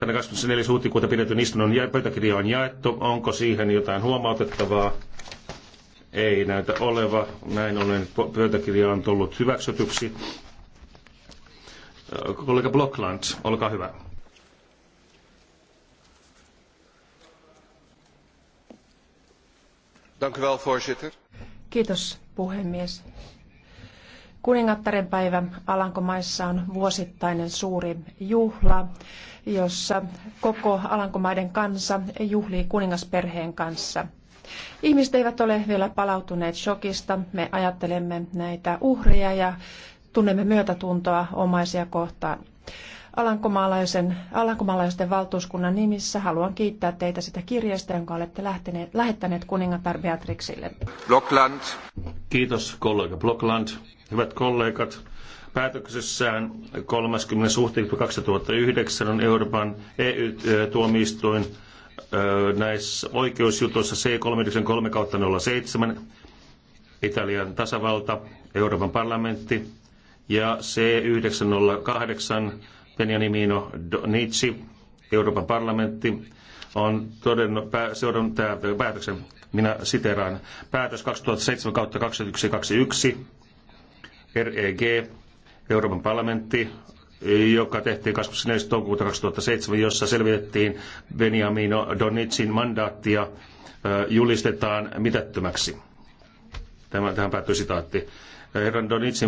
24. huhtikuuta pidetyn istunnon pöytäkirja on jaettu. Onko siihen jotain huomautettavaa? Ei näytä oleva. Näin ollen pöytäkirja on tullut hyväksytyksi. Kollega Blockland, olkaa hyvä. Dank u wel, voorzitter. Kiitos, puhemies. Kuningattaren päivä Alankomaissa on vuosittainen suuri juhla, jossa koko Alankomaiden kansa juhlii kuningasperheen kanssa. Ihmiset eivät ole vielä palautuneet shokista. Me ajattelemme näitä uhreja ja tunnemme myötätuntoa omaisia kohtaan. Alankomaalaisen, Alankomaalaisten valtuuskunnan nimissä haluan kiittää teitä sitä kirjeestä, jonka olette lähettäneet kuningatar Beatrixille. Kiitos kollega Blockland, Hyvät kollegat, päätöksessään 30. huhtikuuta 2009 on Euroopan EU-tuomioistuin näissä oikeusjutuissa C393 kautta 07 Italian tasavalta, Euroopan parlamentti ja C908 Beniamino Nietzsche, Euroopan parlamentti on todennut pää, seurannut tämä päätöksen. Minä siteraan. Päätös 2007-2121 REG Euroopan parlamentti joka tehtiin 24. toukokuuta 2007, jossa selvitettiin Benjamin Donitsin mandaattia julistetaan mitättömäksi. Tämä, tähän päättyy sitaatti. Herran Donitsin